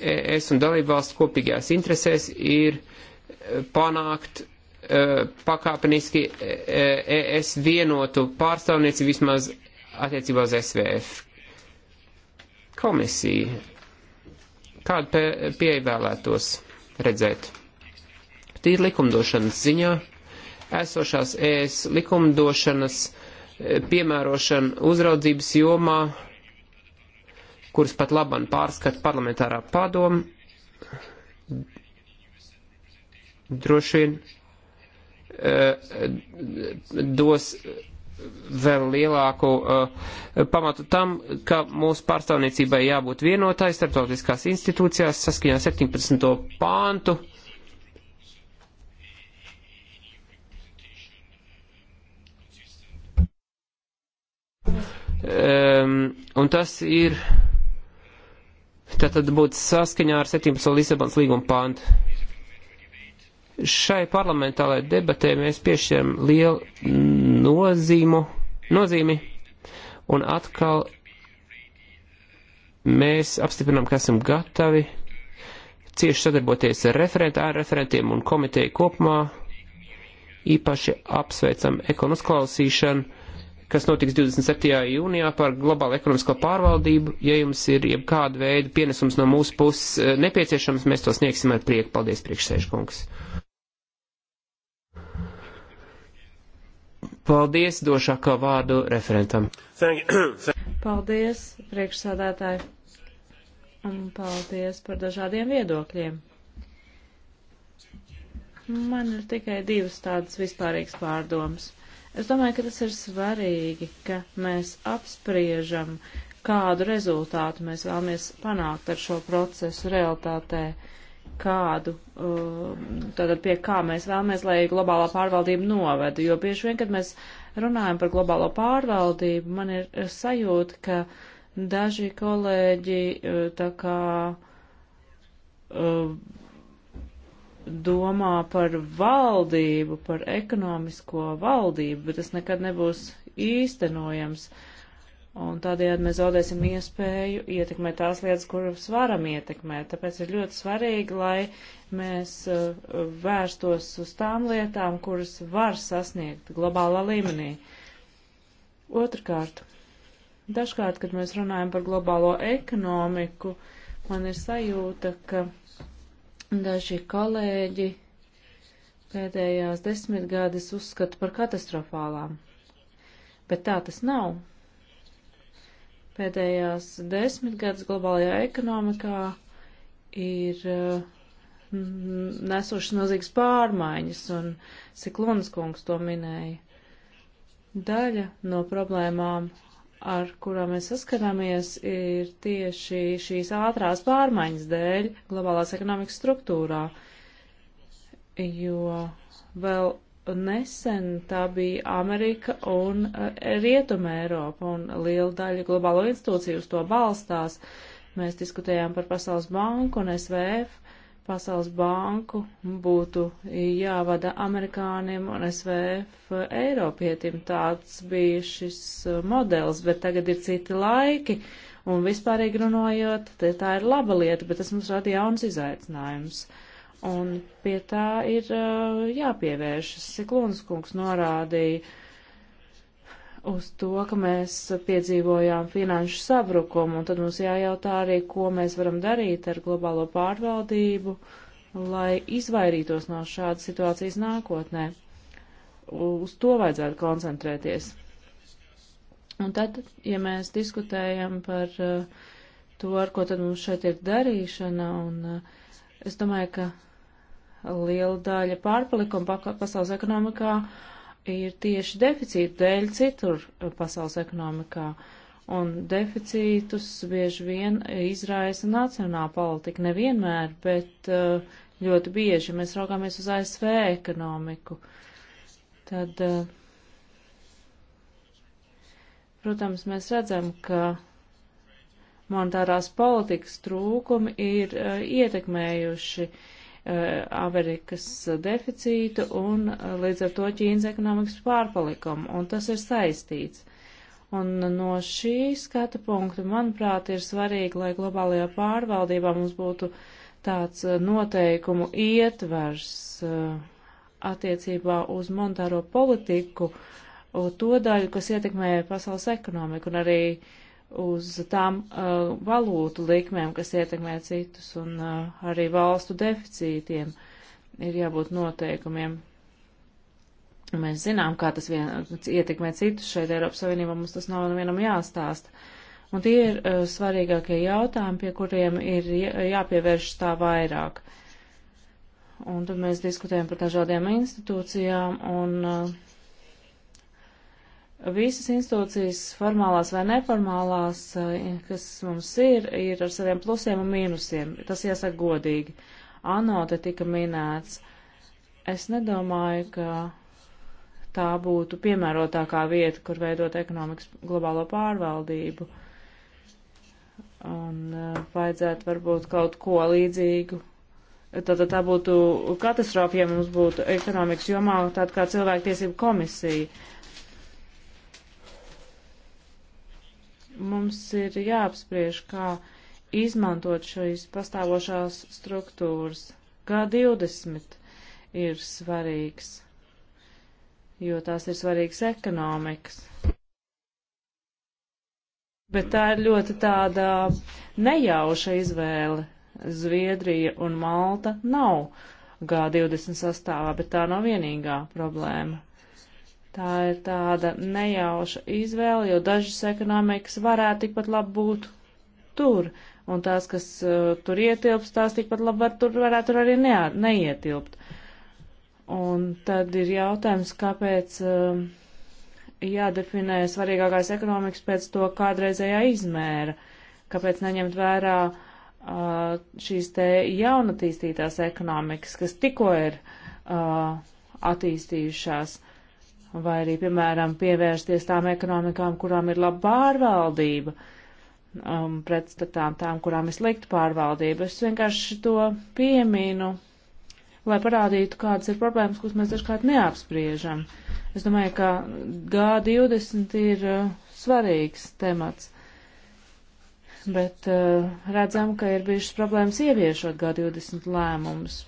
es un dalībvalsts kopīgajās interesēs ir e, panākt uh, pakāpeniski ES e, vienotu pārstāvnieci vismaz attiecībā uz SVF. Komisija. Kādu pieeja vēlētos redzēt? Tīri likumdošanas ziņā esošās ES likumdošanas e, piemērošana uzraudzības jomā, kuras pat laban pārskata parlamentārā padoma, droši vien e, dos vēl lielāku uh, pamatu tam, ka mūsu pārstāvniecībai jābūt vienotai starptautiskās institūcijās saskaņā 17. pāntu. Uh, Um, un tas ir, tad būtu saskaņā ar 17. Lisabons līguma pāntu. Šai parlamentālajai debatē mēs piešķiram lielu nozīmu, nozīmi, un atkal mēs apstiprinām, ka esam gatavi cieši sadarboties ar referentu, ar referentiem un komiteju kopumā. Īpaši apsveicam ekonu uzklausīšanu kas notiks 27. jūnijā par globālu ekonomisko pārvaldību. Ja jums ir jebkāda veida pienesums no mūsu puses eh, nepieciešams, mēs to sniegsim ar prieku. Paldies, priekšsēžkungs. Paldies, došākā vārdu referentam. (clears throat) Paldies, priekšsādātāji. Un paldies par dažādiem viedokļiem. Man ir tikai divas tādas vispārīgas pārdomas. Es domāju, ka tas ir svarīgi, ka mēs apspriežam, kādu rezultātu mēs vēlamies panākt ar šo procesu realitātē, kādu, um, tātad pie kā mēs vēlamies, lai globālā pārvaldība noveda, jo bieži vien, kad mēs runājam par globālo pārvaldību, man ir sajūta, ka daži kolēģi uh, tā kā uh, domā par valdību, par ekonomisko valdību, bet tas nekad nebūs īstenojams. Un tādējādi mēs zaudēsim iespēju ietekmēt tās lietas, kuras varam ietekmēt. Tāpēc ir ļoti svarīgi, lai mēs uh, vērstos uz tām lietām, kuras var sasniegt globālā līmenī. Otrkārt, dažkārt, kad mēs runājam par globālo ekonomiku, man ir sajūta, ka Daži kolēģi pēdējās desmitgades uzskata par katastrofālām, bet tā tas nav. Pēdējās desmitgades globālajā ekonomikā ir eh, nesušas milzīgas pārmaiņas, un Siklonas kungs to minēja. Daļa no problēmām ar kurām mēs saskaramies, ir tieši šīs ātrās pārmaiņas dēļ globālās ekonomikas struktūrā, jo vēl nesen tā bija Amerika un eh, Rietuma Eiropa, un liela daļa globālo institūciju uz to balstās. Mēs diskutējām par Pasaules banku un SVF, Pasaules banku būtu jāvada amerikānim un SVF Eiropietim. Tāds bija šis uh, modelis, bet tagad ir citi laiki. Un vispārīgi runājot, tā ir laba lieta, bet tas mums rada jauns izaicinājums. Un pie tā ir uh, jāpievēršas. Siklūnas kungs norādīja uz to, ka mēs piedzīvojām finanšu sabrukumu, un tad mums jājautā arī, ko mēs varam darīt ar globālo pārvaldību, lai izvairītos no šādas situācijas nākotnē. Uz to vajadzētu koncentrēties. Un tad, ja mēs diskutējam par uh, to, ar ko tad mums šeit ir darīšana, un uh, es domāju, ka liela daļa pārpalikuma pasaules ekonomikā uh, ir tieši deficīta dēļ citur pasaules ekonomikā. Un deficītus bieži vien izraisa nacionāla politika. Nevienmēr, bet uh, ļoti bieži mēs raugāmies uz ASV ekonomiku. Tad, uh, protams, mēs redzam, ka monetārās politikas trūkumi ir uh, ietekmējuši uh, Eh, Amerikas deficītu un eh, līdz ar to Ķīnas ekonomikas pārpalikumu, un tas ir saistīts. Un no šī skata punkta, manuprāt, ir svarīgi, lai globālajā pārvaldībā mums būtu tāds eh, noteikumu ietvers attiecībā uz monetāro politiku, to daļu, kas ietekmē pasaules ekonomiku un arī uh, uz tām uh, valūtu likmēm, kas ietekmē citus, un uh, arī valstu deficītiem ir jābūt noteikumiem. Mēs zinām, kā tas vien, ietekmē citus šeit Eiropas Savienībā, mums tas nav vienam jāstāsta. Un tie ir uh, svarīgākie jautājumi, pie kuriem ir jāpievērš tā vairāk. Un tad mēs diskutējam par dažādiem institūcijām un uh, visas institūcijas, formālās vai neformālās, eh, kas mums ir, ir ar saviem plusiem un mīnusiem. Tas jāsaka godīgi. ANO te tika minēts. Es nedomāju, ka tā būtu piemērotākā vieta, kur veidot ekonomikas globālo pārvaldību. Un uh, vajadzētu varbūt kaut ko līdzīgu. Tātad tā būtu katastrofa, ja mums būtu ekonomikas jomā tāda kā cilvēktiesība komisija. Uh, mums ir jāapspriež, kā izmantot šīs pastāvošās struktūras. G20 ir svarīgs, jo tās ir svarīgas ekonomikas. Bet tā ir ļoti tāda nejauša izvēle. Zviedrija un Malta nav G20 sastāvā, bet tā nav vienīgā problēma. Tā ir tāda nejauša izvēle, jo dažas ekonomikas varētu tikpat labi būt tur, un tās, kas uh, tur ietilpst, tās tikpat labi var, tur varētu tur arī ne, neietilpt. Un tad ir jautājums, kāpēc uh, jādefinē svarīgākās ekonomikas pēc to kādreizējā izmēra, kāpēc neņemt vērā uh, šīs te jaunatīstītās ekonomikas, kas tikko ir uh, attīstījušās. Uh, vai arī, piemēram, pievērsties tām ekonomikām, kurām ir laba pārvaldība, um, pretstatām tām, kurām ir slikta pārvaldība. Es vienkārši to pieminu, lai parādītu, kādas ir problēmas, kuras mēs dažkārt neapspriežam. Es domāju, ka G20 ir uh, svarīgs temats, bet uh, redzam, ka ir bijušas problēmas ieviešot G20 lēmumus.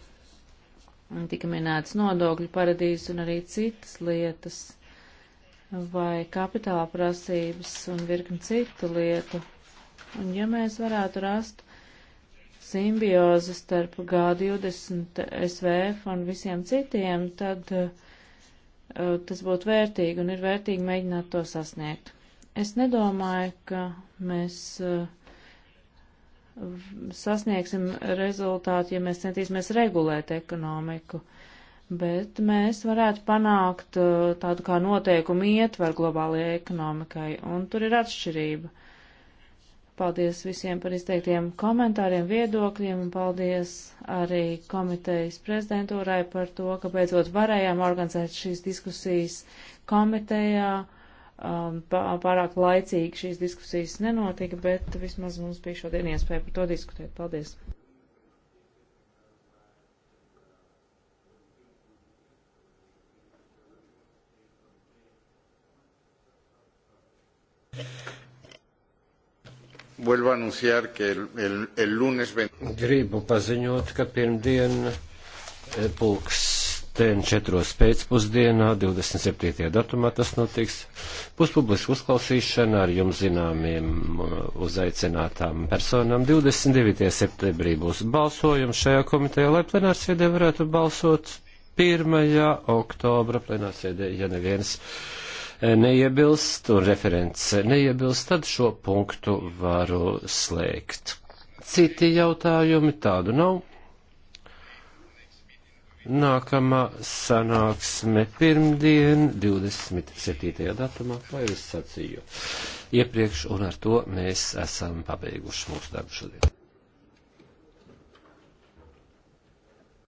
Tika minētas nodokļu paradīzes un arī citas lietas, vai kapitāla prasības un virkni citu lietu. Un ja mēs varētu rast simbiozi starp G20, SVF un visiem citiem, tad uh, tas būtu vērtīgi un ir vērtīgi mēģināt to sasniegt. Es nedomāju, ka mēs uh, sasniegsim rezultātu, ja mēs centīsimies regulēt ekonomiku. Bet mēs varētu panākt uh, tādu kā noteikumu ietveru globālajai ekonomikai, un tur ir atšķirība. Paldies visiem par izteiktiem komentāriem, viedokļiem, un paldies arī komitejas prezidentūrai par to, ka beidzot varējām organizēt šīs diskusijas komitejā Um, pārāk laicīgi šīs diskusijas nenotika, bet vismaz mums bija šodien iespēja par to diskutēt. Paldies! Vuelvo a anunciar que el, el, el lunes... Gribu paziņot, ka pirmdien eh, pulks pulksten četros pēcpusdienā, 27. datumā tas notiks, puspublisku uzklausīšana ar jums zināmiem uh, uzaicinātām personām. 29. septembrī būs balsojums šajā komitejā, lai plenārsēdē varētu balsot 1. oktobra plenārsēdē, ja neviens eh, neiebilst un referents neiebilst, tad šo punktu varu slēgt. Citi jautājumi tādu nav. Nākamā sanāksme pirmdien, 27. datumā, kā jau es sacīju iepriekš, un ar to mēs esam pabeiguši mūsu darbu šodien.